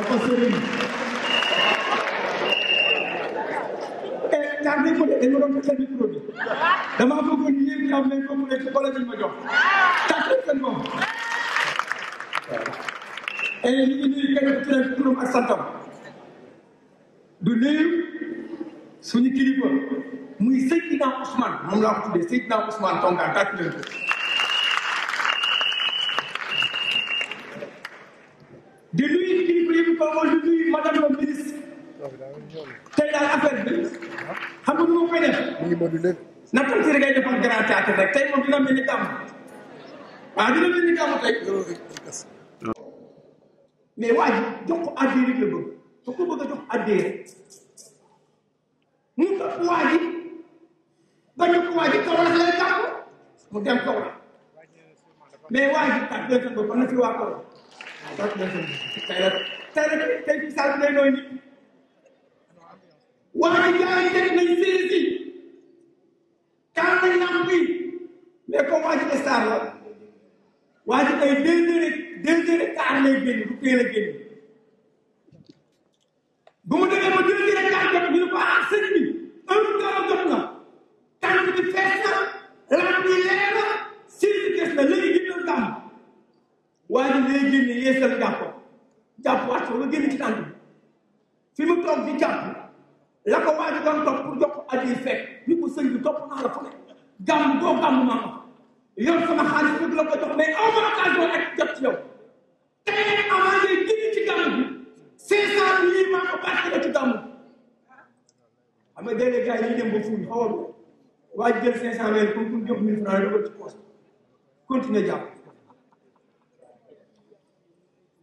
papa Serigne eh ñaar nañ ko de dañ ma doon fekk micro bi damaa bëggoon ñëpp ñu am nañ ko mu nekk ci collège bi ma jox tàkk seen bopp et ñu ngi nuyu kenn ku ci nekk turam ak santam du nuyu suñu kilifa muy Seydina Ousmane moom laa ko tuddee Seydina Ousmane Tonga tàkk leen ko donc aujourd'hui madame la ministre tey daal affaire bi xam nu mu ngi modulé. na comme si da ngay defoon grand théâtre rek tey moom dina mel ni gàmm waaw ah, dina mel ni gàmm tey. mais waa ji jox ko addee rek la bëgg da ko bëgg a jox addee rek mu topp waa ji bañ a ko waa ji Kaolack lay gàmm mu dem Kaolack mais waa ji tàggatoo ko na fi waa Kaolack tàggatoo ko tey rek. tey rek tey fii saa day nooy nit wax ji yi teg nañ fii kaar nañ lamp bi mais comme waa ji star la waa ji ay deux heures deux heures kaar lay génn du teel a mu demee ba kaar jot ñu ne ko ah sëñ bi heure kaar jot na tànk bi fees na lamp yi leer na si gis na léegi waa ji léegi génn yeesal gàmm jàpp wàcc ba génn ci tànk bi fi mu toog di jàpp la ko waa ji topp pour jox ko addi fekk ni ko sëñ topp naa la fu ne gàmm boo maa ko yor sama xaalis bëgg la ko jox mais aw ma occasion ak jot ci yow te avant ngay génn ci gàmm bi cinq cent mille maa ko bàttale ci gàmm xam nga déedéet gars yi dem ba fuuy waa ji jël cinq cent mille pour pour jox mille francs ko ci poos continuer jàpp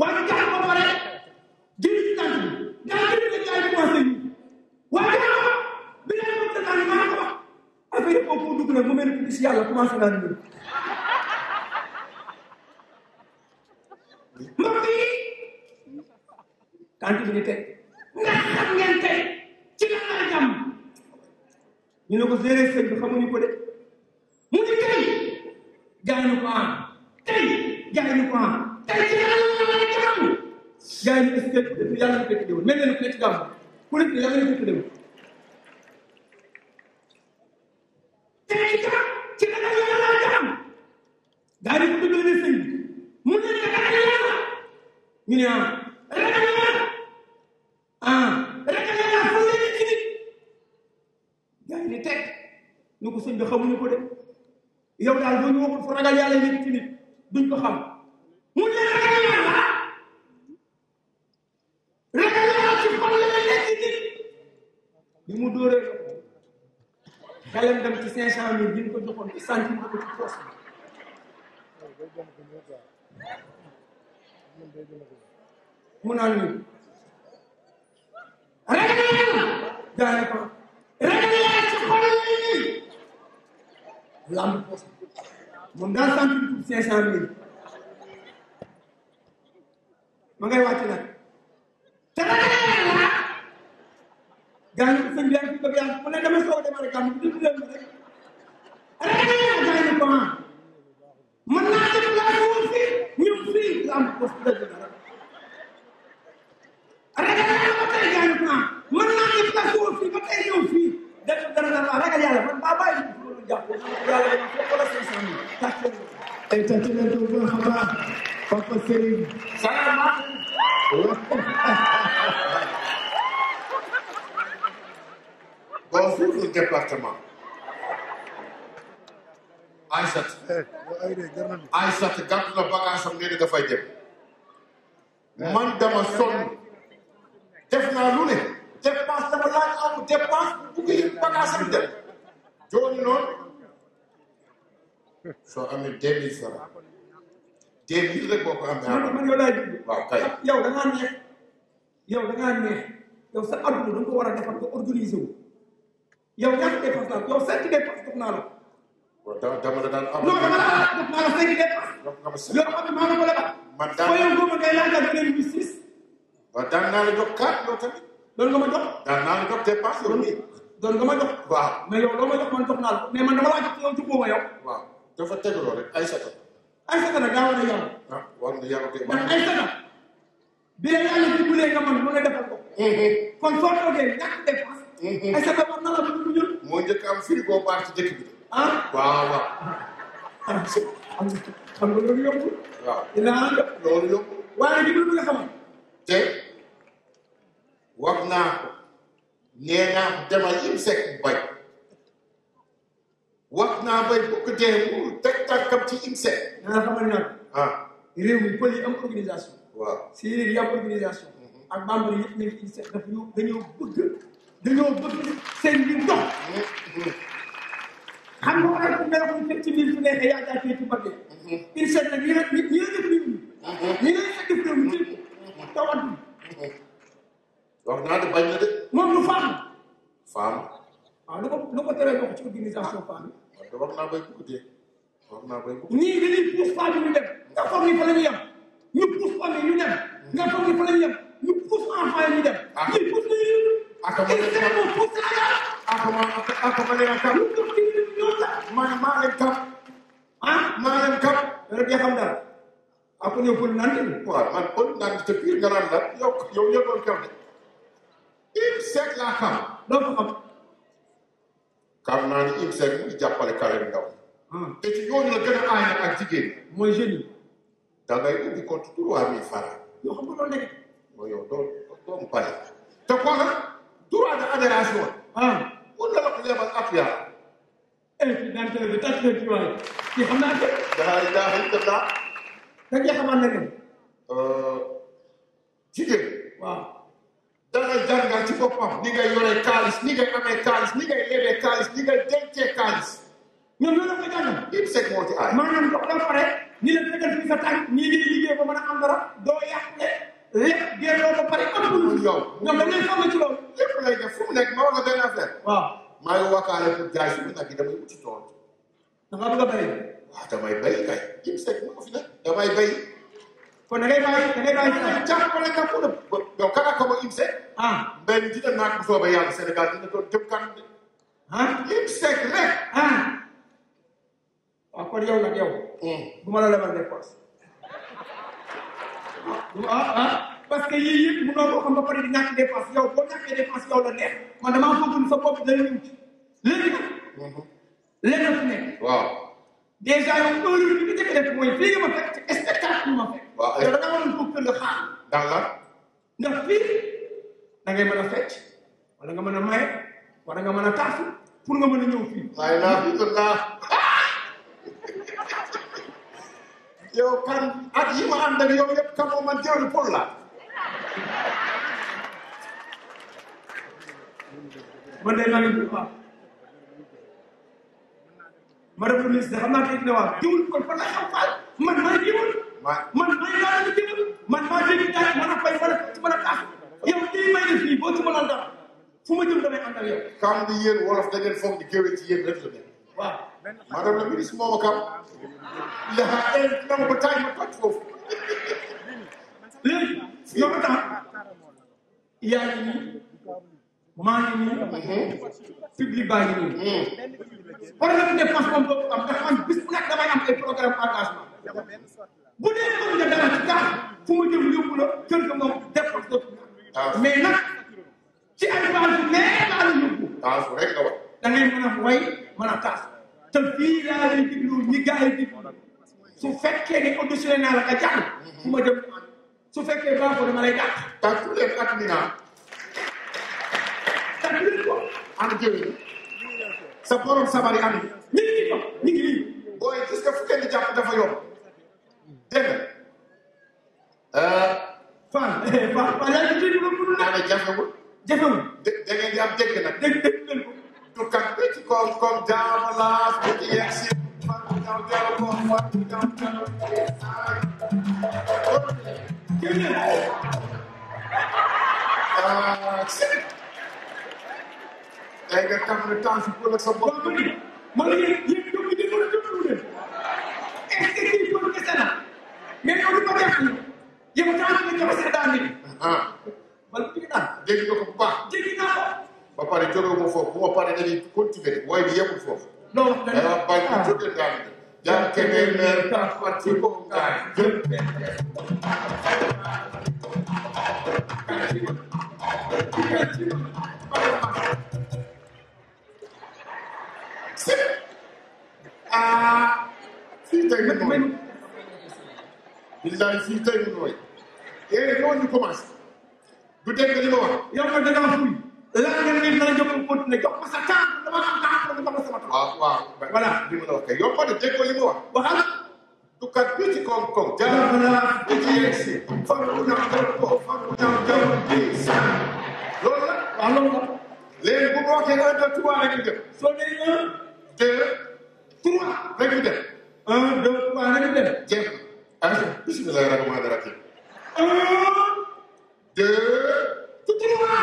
waa ji jaxal ba pare jëriñ ci tànk bi ndax jëriñ bi lay moom naan maa ko wax affaire boobu foo dugg nag mu mel ni si yàlla commencé naa ni mbokk yi tànk bi ñu teg nga xam ngeen tey ci la jàmm ñu ne ko séeréer sëñ bi xamuñu ko de ngeen jël dëgg yàlla na ko tuddee woon mel ni ku nekk gàmm ku nekk yàlla na ko tuddee woon. tey jàpp ci dana yàlla jàmm gaa yi ku dugg sëñ bi mu ne la dana yàlla ñu ne ah ragal la ah, nekk nit gaa teg ñu ko sëñ bi ko de yow daal boo ñu fu ragal yàlla nekk ci nit duñ mu dóoree la ko xelam dem ci cinq cent mille bi ñu ko joxoon ko ci poos mu naan ñu ko ragal laa ci xol yi lamb poos moom daal centime cinq cent mille ma ngay gaa yi sëñ bi yaa ngi fi bëgg yàlla ku ne damay soog a démarré gàmm bi déglu leen ma rek gaa yi ko ah mën naa def laa ko woon fii ñëw fii la am ko si dëgg dara ragal yàlla ba tey gaa yi ko ah mën naa def laa ko woon fii ba tey ñëw fii def dara dara ragal yàlla man baa bàyyi ko loolu jàpp yàlla dama ko la seen sàmm tàcce ay tàcce leen ko bu baax a baax Papa Serigne salaamaaleykum notre département Aïssat Aïssat gàtt na bagage am nee na dafay dem man dama sonn def naa lu ne dépense dama laaj am dépense bu bugg bagage am dem jooni noonu soo amee deux mille francs deux mille rek boo ko amee man yow laa jublu waaw kay yow da ngaa neex yow da ngaa neex yow sa adduna da nga ko war a defar ko organiser wu yow ñaata dépense naa yow cinq dépense def naa la. waaw dama dama la daan am. non dama la daan def naa la cinq dépense. dama la cinq yoo xam ne maa ngi ko lebal. man daan naa la boo ma kay laajal nga ne bii six. waaw daan naa la jox quatre yow tamit. doon nga ma jox. daan naa la jox dépense yow nii. doon nga ma jox. waaw mais yow loo ma jox man jox naa la mais man dama laa jox yow joxoo ma yow. waaw dafa tegaloo rek ay sata. ay sata nag daa war a yàlla. ah war na yàlla kay. ndax ay sata. bi la yàlla dimbalee nga man mën a defal ko. kon soo toogee ñàkk dépense moo njëkk am frigo baax ci dëkk bi. ah waaw waaw. xam loolu yomb. waaw dinaa loolu yomb. la xamal. te wax naa ko nee naa demal im sek bay wax naa bay bu ko dee mu teg tàkkam ci im sek. dana xamal naa ah. mi pël yi am organisation. waaw séeréer yi am organisation. Mhm. ak bambara yëpp nekk im sek dafa ñu dañoo bëgg. dañoo bëgg seen biir dox xam nga ay mel ko fekk ci biir su nekk yaa jaay fee ci bëggee il seet nag ñi la ñi la def réew mi ñi la def réew mi ci tawat bi wax naa de bañ na de moom lu faam faam waaw lu ko lu ko teree bokk ci organisation faam yi wax naa bay bukkutee wax naa bay bukkutee ñii dañuy puus faam yi ñu dem nga foog ni fa la ñu yem ñu puus faam yi ñu dem nga foog ni fa la ñu yem ñu puus enfant yi ñu dem ah. ñu puus leen kam maanaam maa leen kam ah maa leen kam rek yaa xam dara ah ku ñëw pour naan waaw man kon naan te pire nga naan la yow yow ñëw doon kam de IMSEC laa xam doo ko xam xam naa ni IMSEC mu ngi jàppale carré ndaw te ci ñooñu la gën a aay nag ak jigéen mooy jeune yi da ngay indi compte trois mille francs yoo xam nga loolu nekk mooy yow doo doo mu pare te quoi droit de adhésion ah wala la ko lebal afiya ci daan télé bi tas leen ci waay ci xam naa def daa daa xëy def naa da nga xamal ne ne euh, jigéen waaw danga jàngal ci boppam ni ngay yoree kaalis ni ngay amee kaalis ni ngay lebee kaalis ni ngay dencee kaalis ñoom loolu la jàngal yëpp sek moo ci aay maanaam dox da pare ni la fekkal fi sa tànk ñii ngi liggéey ba mën a am dara doo yàq lépp génnoo ba pare ëpp. yow ñoom dañ lay faral ci loolu. lépp lay def fu mu nekk ma wax la benn affaire. waaw maa ngi wakaale pour jaay suñu nag yi damay wuti tool. damaa bëgg a béy. waaw damay béy kay. jëm sekk ma ko fi nag damay béy. kon da ngay bàyyi da ngay bàyyi ci jàppale ka pour yow kan ak ko ba IMSEC. ah mbéy dina naag bu soobee yàlla Sénégal dina doon jëm kanam de. ah IMSEC rek. ah. waaw kon yow nag yow. Hmm. bu ma la lebal dépense. ah ah parce que yii yëpp mënoo ko xam ba pare di ñàkk dépense yow boo ñàkkee dépense yow la neex man damaa foogoon sa bopp dana ñëw ci léegi nag. Mhm. leneen fu yow heure bi ñu njëkk a def mooy fii nga ma fekk ci spectacle ma yow da nga waroon bëgg nga xaar. ndax la ndax fii da ngay mën a fecc wala nga mën a maye wala nga mën a taasu pour nga mën a ñëw fii. waaye yow kan ak yi ma ànd ak yow yëpp kan moom man jëwri pour la man de maa ngi waaw ma def ministre xam naa ne waaw jiwul kon fan la xaw faal man maa jiwul man maa yaa la jiwul man maa jiwul daal man a fay man a man a tax yow lii may def fii boo ci mënoon dara fu ma jëm damay ànd ak yow. kam di yéen wolof da ngeen foog di géwee ci yéen rek la dem waaw madame la ministre Boubacar yaa ngi lamb taay ma toj foofu léegi yow tax yaa ngi nii maa ngi nii public baa ngi nii problème dépense moom boobu am ndax man bis bu nekk damay am ay programme engagement bu dee mën nga dara ci tax fu ma jëm yóbbu la jël nga moom dépense dootu mais nag ci ay base mais daal yóbbu. rek nga wax da ngay mën a way mën a taas te fii laa leen diglu ñi gars yi diglu su fekkee ne auditionné naa la nga jàng fu ma dem su fekkee baaxoo dama lay dàq. parce que leen at mi naa. tàggu leen ko. am jëriñ sa borom sabari am ñi ngi ko ñi ngi lii. booy gis nga fu kenn jàpp dafa yomb dégg nga. Fane euh, Fane eh, Fane yaa ngi déglu loolu. yaa ngi jafewul. jafewul. dé da ngeen di am dégg nag. dégg dégg leen ko. tukkat bi ci kaw kaw jaamu laas bi ci yegg si man jaw jaw ko man jaw jaw tey nga tam ne temps bi euh, pour la sa bopp. réewuma foofu bu ma paree dañuy continuer waaye bi yemul foofu. loolu da nga bàyyi ko jóge ah. daan jàpp keneen maire parti ko gaay jël ah fii tey nag mooy billaay fii tey nag mooy yéen eh, ñoo ñu commencé du dégg li ma wax yow nga dëgg la fuy balaa li mu la wax kay yow moo dégg ko li mu wax waxal ah. tukar bi ci koom-koom jaaraama naa di ci yegg si fan ku ñam jëm ko fan ku ñam jëm di saan loolu la wax ah, loolu la léegi bu bokkee un deux trois rek ñu def soo dee un deux trois rek ñu def un deux trois rek ñu def jeex na ah, bismillahi rahmaani rahim un deux trois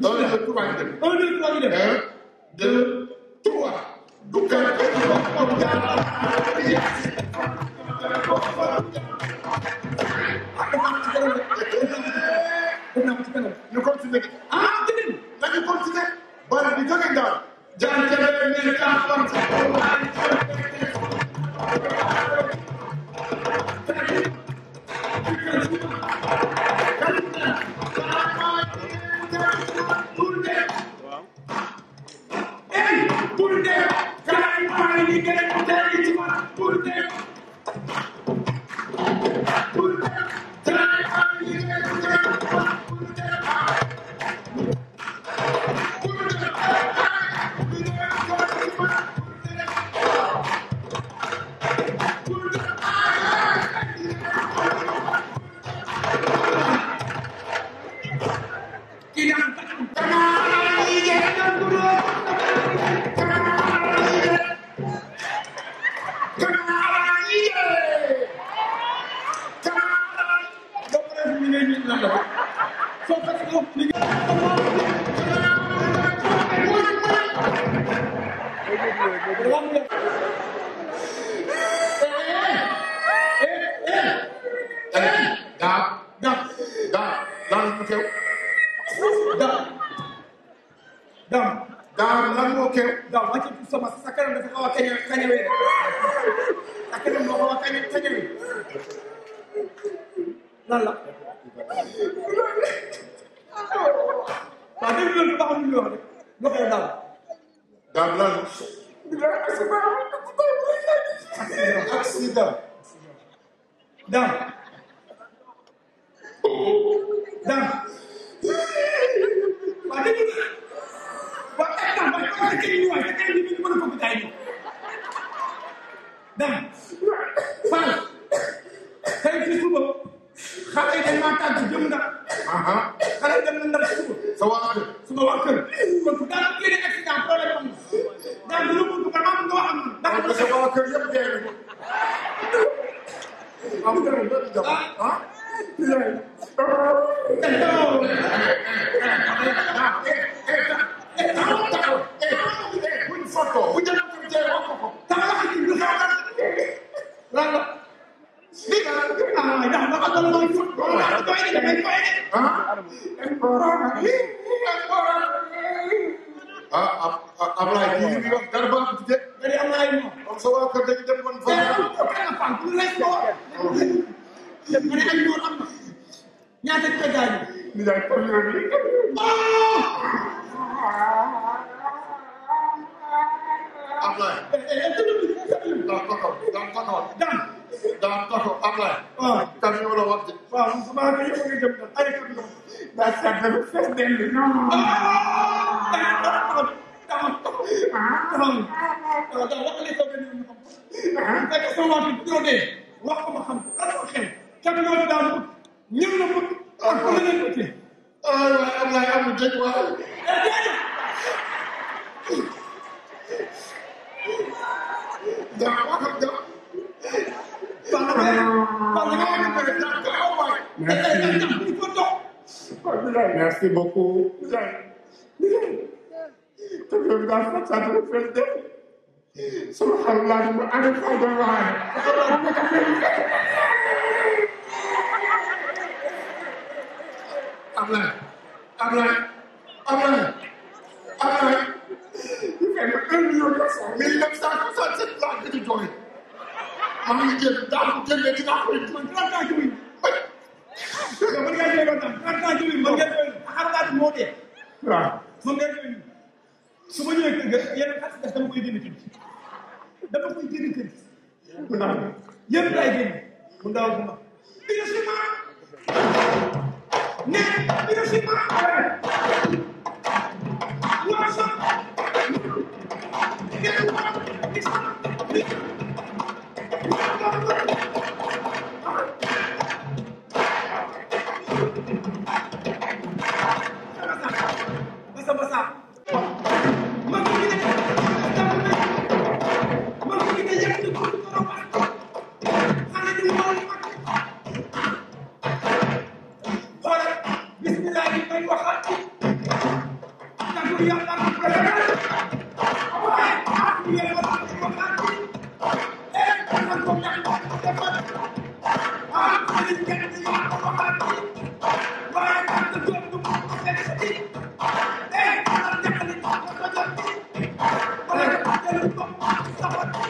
un deux trois ñu dem. un deux trois ñu dem. un deux trois. du ko ñu continué. ah dégg nga. dañu continué. boole bi jóge ndaw. jaajëfal daan daan daan bu teew daan daan daan lan moo keew daan wàcc ci sama sa kanam dafa xaw a kañe kañewee sa kanam moo xaw a kañe kañewee lan la waaw dégg loolu ba xam lu wax rek loo xew daal daan lan accident accident daan Dame. jaay pavillon bi Ablaye daan taxaw daan taxaw daan daan taxaw Ablaye tam ñu la wax de waaw su ma ne yëpp nga jëm tan ay ko do da sa da fees del no wax ko ma xam lan moo xew kenn loolu daal ñëw na ko ak ko leneen ay waay am laay amul dëkk waay dama wax ak dama Merci beaucoup. Subhanallah, Ablaye Ablaye Ablaye Ablaye yu fekk un million deux cent mille neuf cent soixante-sept francs nga ci jooy am na jël daa ko jëlee ci daa ko jëlee man trente ans jëlee man mën ngaa jëlee ba tam trente ans jëlee mën ngeen jëlee xar laa moo dee waaw mën ngeen jëlee su ma ñëwee kër ga yeneen at def dama koy génn kër dama koy génn kër bu ndaw yëpp laay génn bu ndaw bu mag basah-basah. Come on, come on.